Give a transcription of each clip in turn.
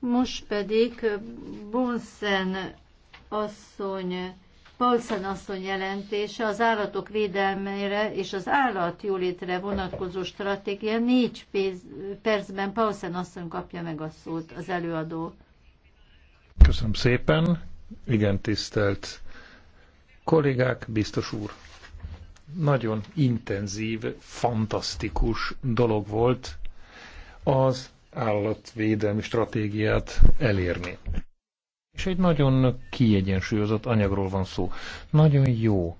Most pedig Bonsen asszony, Paulsen asszony jelentése az állatok védelmére és az állatjólétre vonatkozó stratégia. Négy percben Paulsen asszony kapja meg a szót, az előadó. Köszönöm szépen. Igen, tisztelt kollégák, biztos úr. Nagyon intenzív, fantasztikus dolog volt az állatvédelmi stratégiát elérni. És egy nagyon kiegyensúlyozott anyagról van szó. Nagyon jó.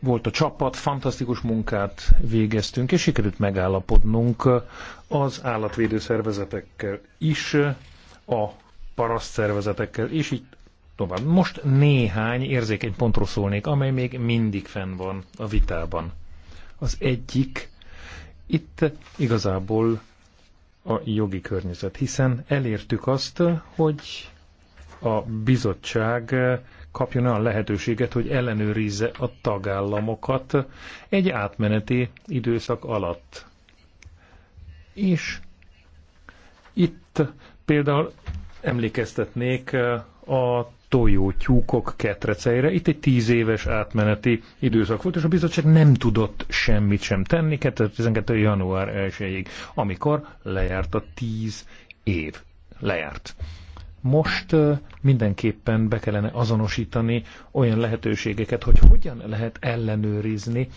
Volt a csapat, fantasztikus munkát végeztünk, és sikerült megállapodnunk az állatvédő szervezetekkel is, a paraszt szervezetekkel, és így tovább. Most néhány érzékeny pontról szólnék, amely még mindig fenn van a vitában. Az egyik itt igazából a jogi környezet, hiszen elértük azt, hogy a bizottság kapjon olyan lehetőséget, hogy ellenőrizze a tagállamokat egy átmeneti időszak alatt. És itt például emlékeztetnék a tojó tyúkok ketreceire. Itt egy tíz éves átmeneti időszak volt, és a bizottság nem tudott semmit sem tenni 2012. január 1-ig, amikor lejárt a tíz év. Lejárt. Most mindenképpen be kellene azonosítani olyan lehetőségeket, hogy hogyan lehet ellenőrizni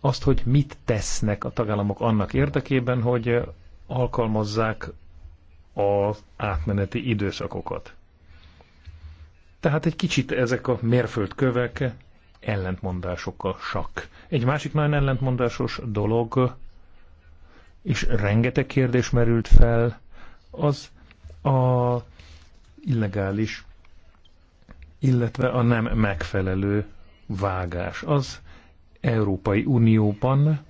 azt, hogy mit tesznek a tagállamok annak érdekében, hogy alkalmazzák az átmeneti időszakokat. Tehát egy kicsit ezek a mérföldkövek ellentmondások a sak. Egy másik nagyon ellentmondásos dolog, és rengeteg kérdés merült fel, az a illegális, illetve a nem megfelelő vágás. Az Európai Unióban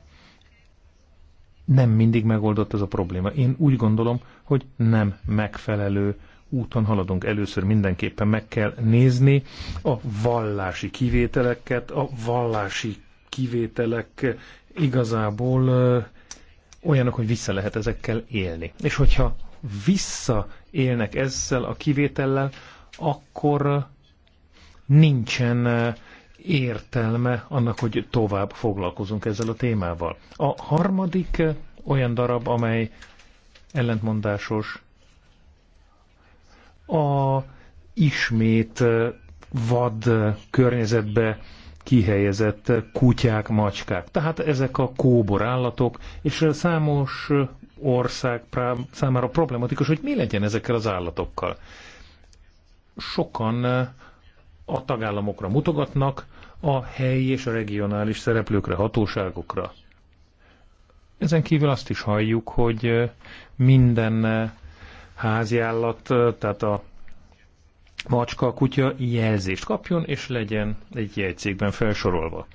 nem mindig megoldott ez a probléma. Én úgy gondolom, hogy nem megfelelő úton haladunk. Először mindenképpen meg kell nézni a vallási kivételeket. A vallási kivételek igazából olyanok, hogy vissza lehet ezekkel élni. És hogyha visszaélnek ezzel a kivétellel, akkor nincsen értelme annak, hogy tovább foglalkozunk ezzel a témával. A harmadik olyan darab, amely ellentmondásos, a ismét vad környezetbe kihelyezett kutyák, macskák. Tehát ezek a kóbor állatok, és számos ország számára problematikus, hogy mi legyen ezekkel az állatokkal. Sokan a tagállamokra mutogatnak, a helyi és a regionális szereplőkre, hatóságokra. Ezen kívül azt is halljuk, hogy minden háziállat, tehát a macska, a kutya jelzést kapjon, és legyen egy jegyzékben felsorolva.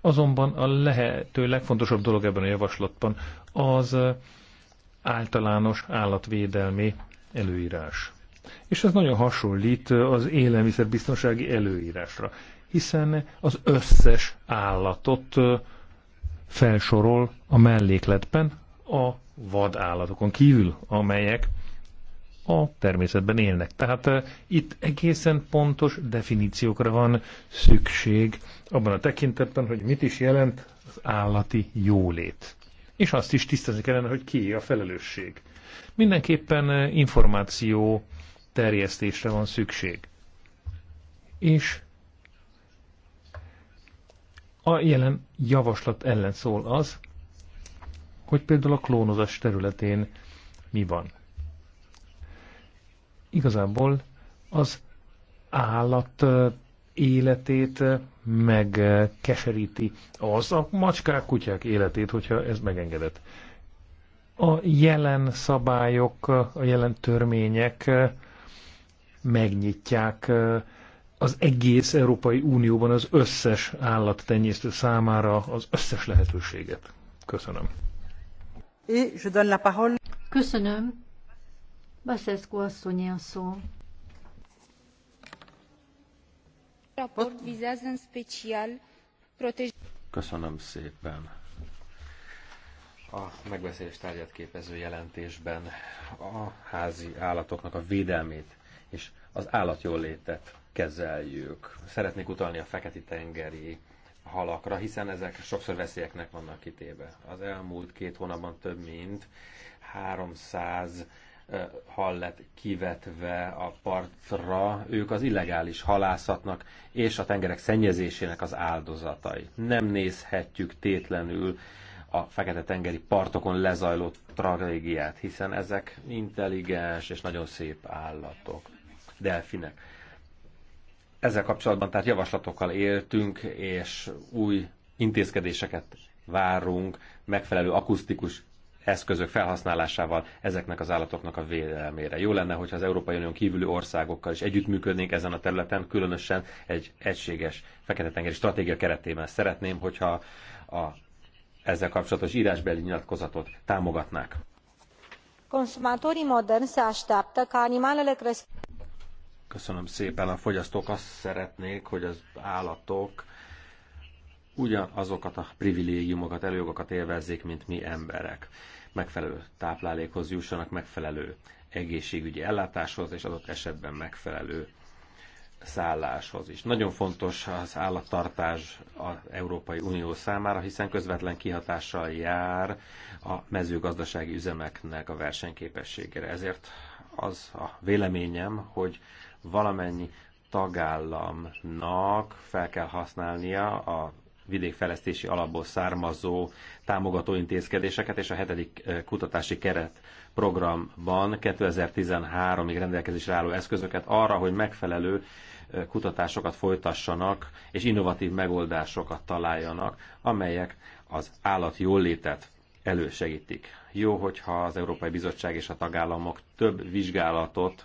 Azonban a lehető legfontosabb dolog ebben a javaslatban az általános állatvédelmi előírás. És ez nagyon hasonlít az élelmiszerbiztonsági előírásra, hiszen az összes állatot felsorol a mellékletben a vadállatokon kívül, amelyek a természetben élnek. Tehát itt egészen pontos definíciókra van szükség abban a tekintetben, hogy mit is jelent az állati jólét. És azt is tisztázni kellene, hogy ki a felelősség. Mindenképpen információ terjesztésre van szükség. És a jelen javaslat ellen szól az, hogy például a klónozás területén mi van igazából az állat életét megkeseríti az a macskák, kutyák életét, hogyha ez megengedett. A jelen szabályok, a jelen törvények megnyitják az egész Európai Unióban az összes állattenyésztő számára az összes lehetőséget. Köszönöm. Köszönöm. Baszeszko asszonyi a szó. Raport vizează în special Köszönöm szépen. A megbeszélés tárgyat képező jelentésben a házi állatoknak a védelmét és az állatjólétet kezeljük. Szeretnék utalni a feketi tengeri halakra, hiszen ezek sokszor veszélyeknek vannak kitéve. Az elmúlt két hónapban több mint 300 hal lett kivetve a partra, ők az illegális halászatnak és a tengerek szennyezésének az áldozatai. Nem nézhetjük tétlenül a Fekete-tengeri partokon lezajlott tragédiát, hiszen ezek intelligens és nagyon szép állatok, delfinek. Ezzel kapcsolatban tehát javaslatokkal éltünk, és új intézkedéseket várunk, megfelelő akusztikus eszközök felhasználásával ezeknek az állatoknak a védelmére. Jó lenne, hogyha az Európai Unión kívüli országokkal is együttműködnénk ezen a területen, különösen egy egységes fekete-tengeri stratégia keretében. Szeretném, hogyha a ezzel kapcsolatos írásbeli nyilatkozatot támogatnák. Consumatorii moderni se așteaptă ca animalele Köszönöm szépen. A fogyasztók azt szeretnék, hogy az állatok ugyanazokat a privilégiumokat, előjogokat élvezzék, mint mi emberek. Megfelelő táplálékhoz jussanak, megfelelő egészségügyi ellátáshoz, és adott esetben megfelelő szálláshoz is. Nagyon fontos az állattartás az Európai Unió számára, hiszen közvetlen kihatással jár a mezőgazdasági üzemeknek a versenyképességére. Ezért az a véleményem, hogy valamennyi tagállamnak fel kell használnia a vidékfejlesztési alapból származó támogató intézkedéseket, és a hetedik eh, kutatási keret programban 2013-ig rendelkezésre álló eszközöket arra, hogy megfelelő eh, kutatásokat folytassanak, és innovatív megoldásokat találjanak, amelyek az állat jólétet elősegítik. Jó, hogyha az Európai Bizottság és a tagállamok több vizsgálatot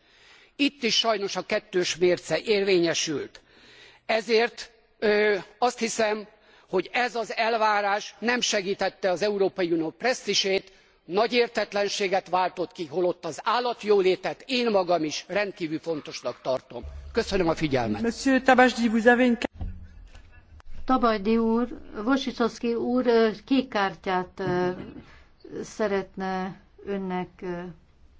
itt is sajnos a kettős mérce érvényesült ezért azt hiszem hogy ez az elvárás nem segtette az európai unió presztzsét nagy értetlenséget váltott ki holott az állatjólétet én magam is rendkvül fontosnak tartom. köszönöm a figyelmet. tabajdi úr wojciechowski úr kék kártyát szeretne önnek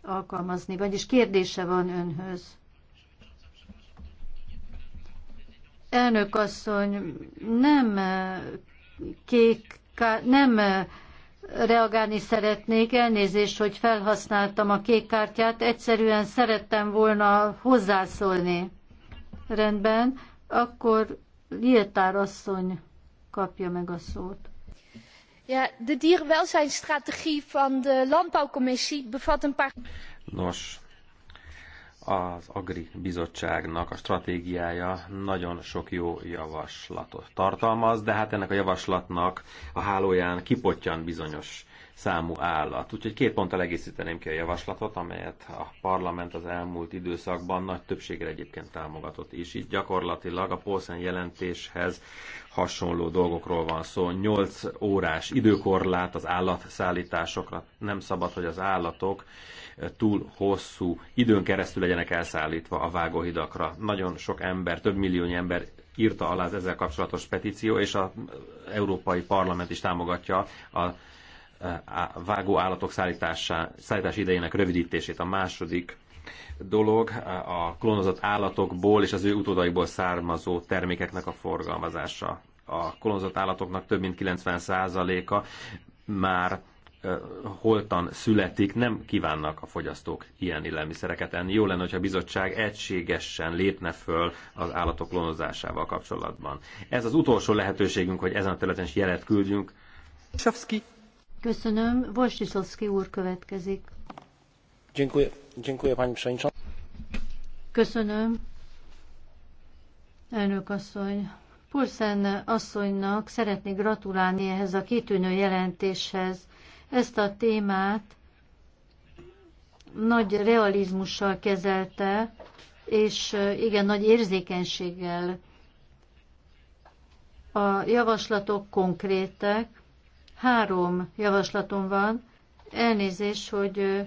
alkalmazni. Vagyis kérdése van önhöz. Elnök asszony, nem eh, kék, nem eh, reagálni szeretnék, elnézést, hogy felhasználtam a kék kártyát, egyszerűen szerettem volna hozzászólni. Rendben, akkor Lietár asszony kapja meg a szót de dierenwelzijnstrategie van de landbouwcommissie bevat een paar. Nos, az Agri Bizottságnak a stratégiája nagyon sok jó javaslatot tartalmaz, de hát ennek a javaslatnak a hálóján kipottyan bizonyos számú állat. Úgyhogy két ponttal egészíteném ki a javaslatot, amelyet a parlament az elmúlt időszakban nagy többségre egyébként támogatott is. Itt gyakorlatilag a Polszen jelentéshez hasonló dolgokról van szó. 8 órás időkorlát az állatszállításokra. Nem szabad, hogy az állatok túl hosszú időn keresztül legyenek elszállítva a vágóhidakra. Nagyon sok ember, több milliónyi ember írta alá az ezzel kapcsolatos petíció, és az Európai Parlament is támogatja a vágó állatok szállítása, szállítás idejének rövidítését. A második dolog a klónozott állatokból és az ő utódaiból származó termékeknek a forgalmazása. A klónozott állatoknak több mint 90%-a már holtan születik, nem kívánnak a fogyasztók ilyen élelmiszereket enni. Jó lenne, hogyha a bizottság egységesen lépne föl az állatok klónozásával kapcsolatban. Ez az utolsó lehetőségünk, hogy ezen a területen is jelet küldjünk. Csavszki. Köszönöm. Wojciechowski úr következik. Dziękuję, dziękuję pani przewodnicząca. Köszönöm. Elnök asszony. Pulszen asszonynak szeretnék gratulálni ehhez a kitűnő jelentéshez. Ezt a témát nagy realizmussal kezelte, és eh, igen nagy érzékenységgel. A javaslatok konkrétek, Három javaslatom van. Elnézés, hogy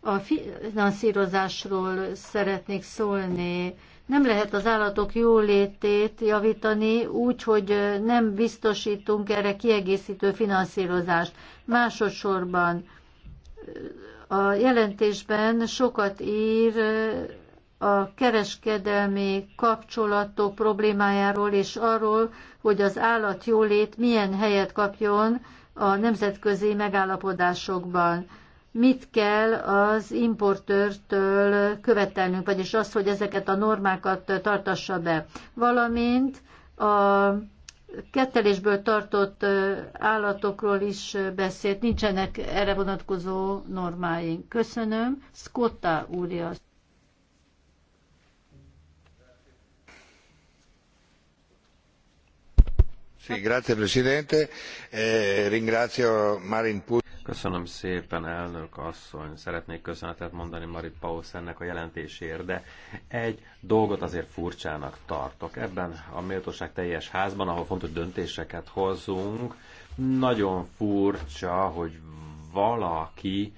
a finanszírozásról szeretnék szólni. Nem lehet az állatok jólétét javítani úgy, hogy nem biztosítunk erre kiegészítő finanszírozást. Másodszorban a jelentésben sokat ír a kereskedelmi kapcsolatok problémájáról és arról, hogy az állatjólét milyen helyet kapjon a nemzetközi megállapodásokban. Mit kell az importőrtől követelnünk, vagyis az, hogy ezeket a normákat tartassa be, valamint a kettelésből tartott állatokról is beszélt, nincsenek erre vonatkozó normáink. Köszönöm. Scotta úr Eh, Köszönöm szépen, elnök asszony. Szeretnék köszönetet mondani Marit Paulsennek a jelentéséért, de egy dolgot azért furcsának tartok. Ebben a méltóság teljes házban, ahol fontos döntéseket hozunk, nagyon furcsa, hogy valaki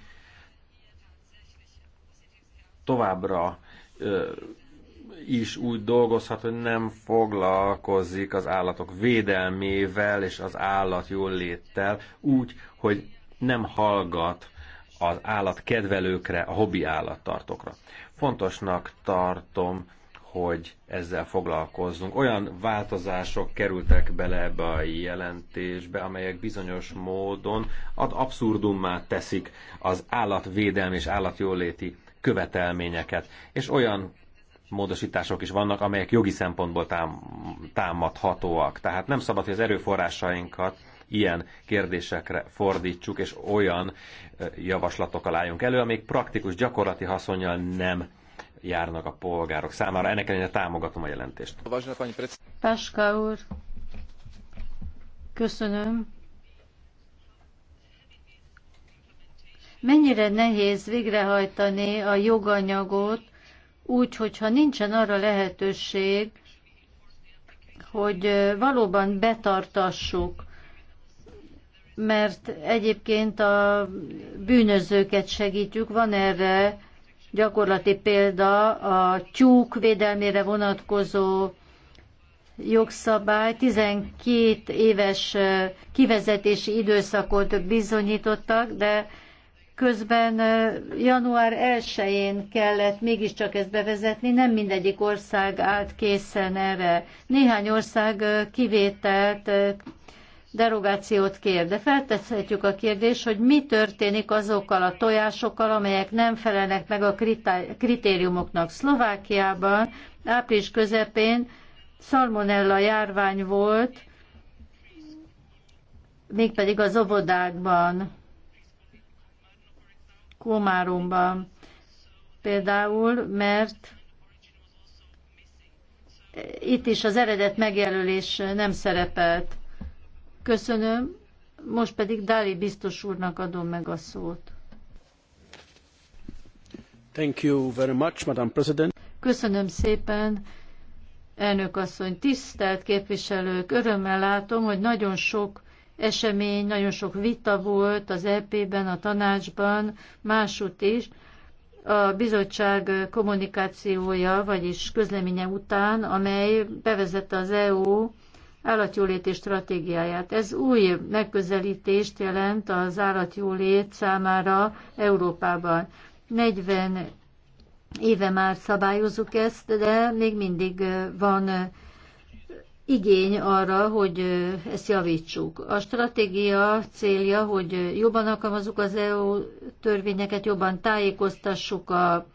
továbbra is úgy dolgozhat, hogy nem foglalkozik az állatok védelmével és az állat léttel úgy, hogy nem hallgat az kedvelőkre, a hobbi állattartókra. Fontosnak tartom, hogy ezzel foglalkozzunk. Olyan változások kerültek bele ebbe a jelentésbe, amelyek bizonyos módon ad abszurdummá teszik az állatvédelmi és állatjóléti követelményeket, és olyan módosítások is vannak, amelyek jogi szempontból tám, támadhatóak. Tehát nem szabad, hogy az erőforrásainkat ilyen kérdésekre fordítsuk, és olyan javaslatokkal álljunk elő, amik praktikus, gyakorlati haszonnyal nem járnak a polgárok számára. Ennek ellenére támogatom a jelentést. Páska úr, köszönöm. Mennyire nehéz végrehajtani a joganyagot, úgy, hogyha nincsen arra lehetőség, hogy valóban betartassuk, mert egyébként a bűnözőket segítjük. Van erre gyakorlati példa a tyúk védelmére vonatkozó jogszabály 12 éves kivezetési időszakot bizonyítottak, de közben január 1-én kellett mégiscsak ezt bevezetni, nem mindegyik ország állt készen erre. Néhány ország kivételt, derogációt kér, de feltethetjük a kérdést, hogy mi történik azokkal a tojásokkal, amelyek nem felelnek meg a kritériumoknak. Szlovákiában április közepén szalmonella járvány volt, mégpedig az óvodákban Komáromban például, mert itt is az eredet megjelölés nem szerepelt. Köszönöm, most pedig dali biztos úrnak adom meg a szót. Thank you very much, Madam President. Köszönöm szépen, elnök asszony, tisztelt képviselők, örömmel látom, hogy nagyon sok esemény, nagyon sok vita volt az EP-ben, a tanácsban, másút is. A bizottság kommunikációja, vagyis közleménye után, amely bevezette az EU állatjóléti stratégiáját. Ez új megközelítést jelent az állatjólét számára Európában. 40 éve már szabályozunk ezt, de még mindig van igény arra, hogy ezt javítsuk. A stratégia célja, hogy jobban alkalmazzuk az EU törvényeket, jobban tájékoztassuk a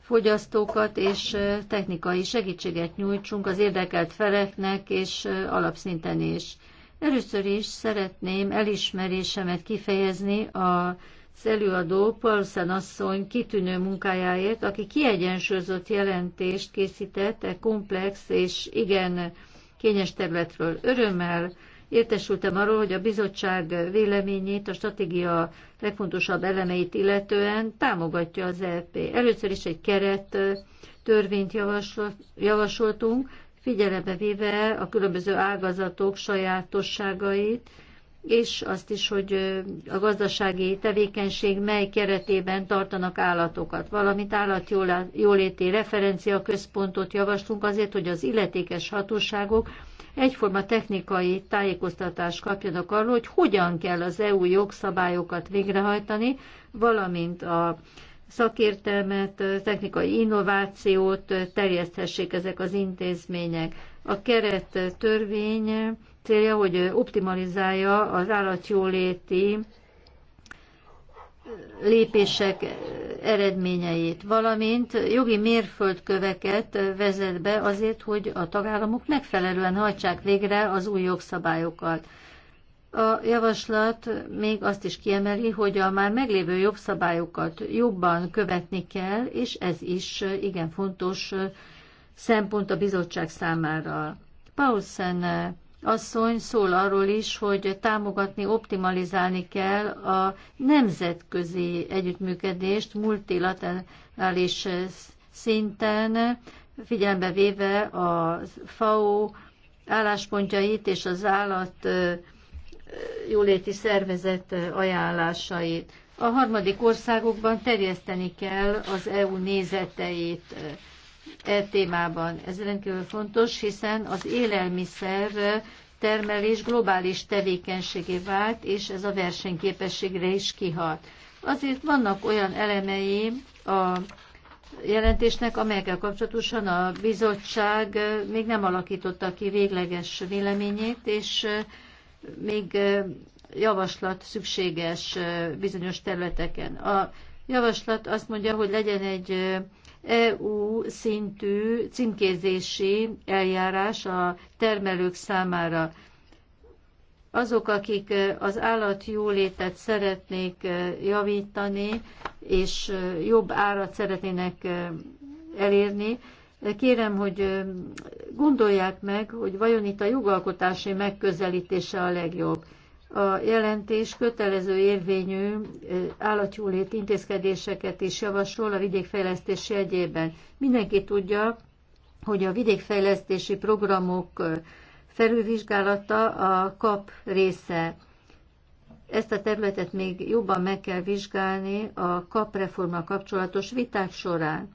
fogyasztókat, és technikai segítséget nyújtsunk az érdekelt feleknek, és alapszinten is. Először is szeretném elismerésemet kifejezni a az előadó Paulsen asszony kitűnő munkájáért, aki kiegyensúlyozott jelentést készített e komplex és igen kényes területről. Örömmel értesültem arról, hogy a bizottság véleményét a stratégia legfontosabb elemeit illetően támogatja az EP. Először is egy keret törvényt javasoltunk, figyelembe véve a különböző ágazatok sajátosságait, és azt is, hogy a gazdasági tevékenység mely keretében tartanak állatokat, valamint állatjóléti referencia központot javaslunk azért, hogy az illetékes hatóságok egyforma technikai tájékoztatást kapjanak arról, hogy hogyan kell az EU jogszabályokat végrehajtani, valamint a szakértelmet, technikai innovációt terjeszthessék ezek az intézmények. A keret törvény célja, hogy optimalizálja az állatjóléti lépések eredményeit, valamint jogi mérföldköveket vezet be azért, hogy a tagállamok megfelelően hajtsák végre az új jogszabályokat. A javaslat még azt is kiemeli, hogy a már meglévő jogszabályokat jobban követni kell, és ez is igen fontos szempont a bizottság számára. Paulsen asszony szól arról is, hogy támogatni, optimalizálni kell a nemzetközi együttműködést multilaterális szinten, figyelembe véve a FAO álláspontjait és az állat jóléti szervezet ajánlásait. A harmadik országokban terjeszteni kell az EU nézeteit e témában. Ez rendkívül fontos, hiszen az élelmiszer termelés globális tevékenységé vált, és ez a versenyképességre is kihat. Azért vannak olyan elemei a jelentésnek, amelyekkel kapcsolatosan a bizottság még nem alakította ki végleges véleményét, és még javaslat szükséges bizonyos területeken. A javaslat azt mondja, hogy legyen egy EU szintű címkézési eljárás a termelők számára. Azok, akik az állatjólétet szeretnék javítani, és jobb árat szeretnének elérni, Kérem, hogy gondolják meg, hogy vajon itt a jogalkotási megközelítése a legjobb. A jelentés kötelező érvényű állatjólét intézkedéseket is javasol a vidékfejlesztés jegyében. Mindenki tudja, hogy a vidékfejlesztési programok felülvizsgálata a kap része. Ezt a területet még jobban meg kell vizsgálni a kapreforma kapcsolatos viták során.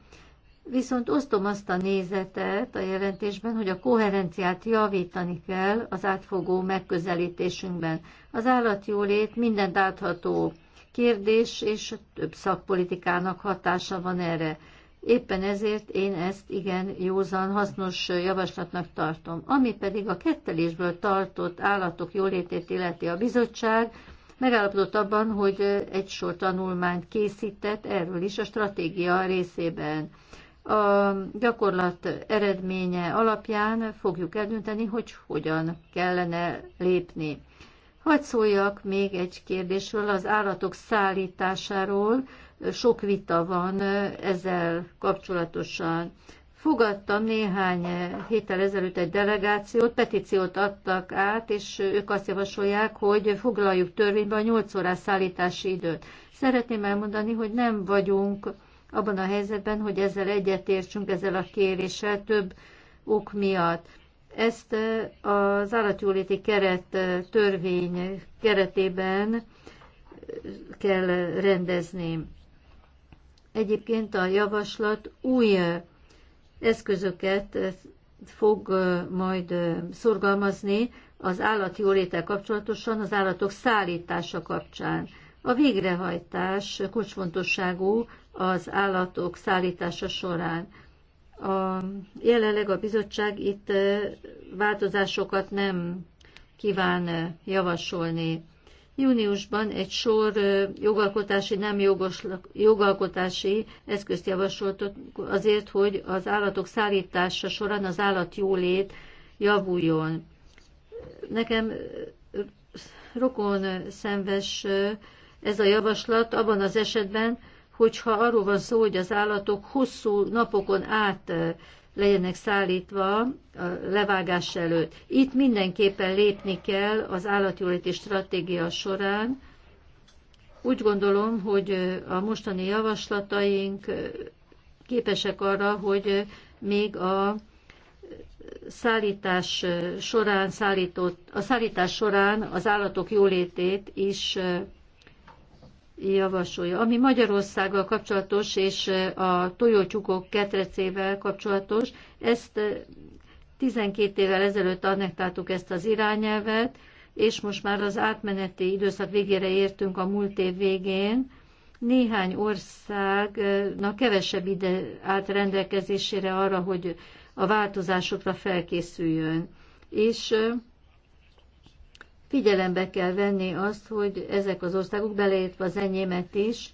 Viszont osztom azt a nézetet a jelentésben, hogy a koherenciát javítani kell az átfogó megközelítésünkben. Az állatjólét minden átható kérdés, és több szakpolitikának hatása van erre. Éppen ezért én ezt igen józan, hasznos javaslatnak tartom. Ami pedig a kettelésből tartott állatok jólétét illeti a bizottság, megállapodott abban, hogy egy sor tanulmányt készített erről is a stratégia részében a gyakorlat eredménye alapján fogjuk eldönteni, hogy hogyan kellene lépni. Hadd szóljak még egy kérdésről, az állatok szállításáról. Sok vita van ezzel kapcsolatosan. Fogadtam néhány héttel ezelőtt egy delegációt, petíciót adtak át, és ők azt javasolják, hogy foglaljuk törvénybe a 8 órás szállítási időt. Szeretném elmondani, hogy nem vagyunk abban a helyzetben, hogy ezzel egyetértsünk, ezzel a kéréssel több ok miatt. Ezt az állatjóléti keret törvény keretében kell rendezni. Egyébként a javaslat új eszközöket fog majd szorgalmazni az állatjólétel kapcsolatosan, az állatok szállítása kapcsán. A végrehajtás kulcsfontosságú az állatok szállítása során. A, jelenleg a bizottság itt változásokat nem kíván javasolni. Júniusban egy sor jogalkotási, nem jogos, jogalkotási eszközt javasolt azért, hogy az állatok szállítása során az állat jólét javuljon. Nekem rokon szenves ez a javaslat abban az esetben, hogyha arról van szó, hogy az állatok hosszú napokon át legyenek szállítva a levágás előtt. Itt mindenképpen lépni kell az állatjóléti stratégia során. Úgy gondolom, hogy a mostani javaslataink képesek arra, hogy még a szállítás során szállított, a szállítás során az állatok jólétét is javasolja. Ami Magyarországgal kapcsolatos és a tojócsukok ketrecével kapcsolatos, ezt 12 évvel ezelőtt annektáltuk ezt az irányelvet, és most már az átmeneti időszak végére értünk a múlt év végén. Néhány országnak kevesebb ide állt rendelkezésére arra, hogy a változásokra felkészüljön. És figyelembe kell venni azt, hogy ezek az országok, beleértve az enyémet is,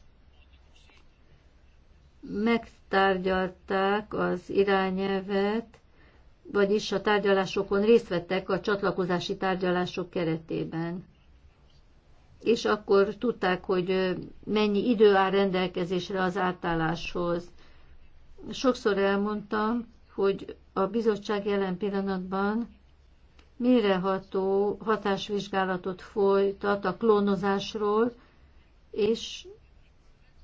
megtárgyalták az irányelvet, vagyis a tárgyalásokon részt vettek a csatlakozási tárgyalások keretében. És akkor tudták, hogy mennyi idő áll rendelkezésre az átálláshoz. Sokszor elmondtam, hogy a bizottság jelen pillanatban méreható hatásvizsgálatot folytat a klónozásról, és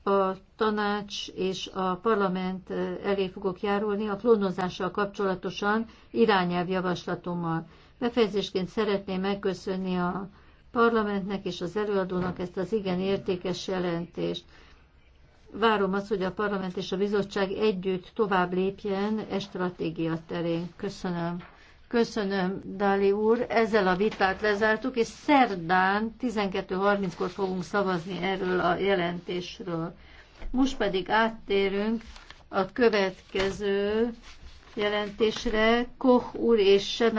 a tanács és a parlament eh, elé fogok járulni a klónozással kapcsolatosan irányelvjavaslatommal. Befejezésként szeretném megköszönni a parlamentnek és az előadónak ezt az igen értékes jelentést. Várom azt, hogy a parlament és a bizottság együtt tovább lépjen e stratégia terén. Köszönöm. Köszönöm, Dali úr. Ezzel a vitát lezártuk, és szerdán 12.30-kor fogunk szavazni erről a jelentésről. Most pedig áttérünk a következő jelentésre. Koch úr és Sena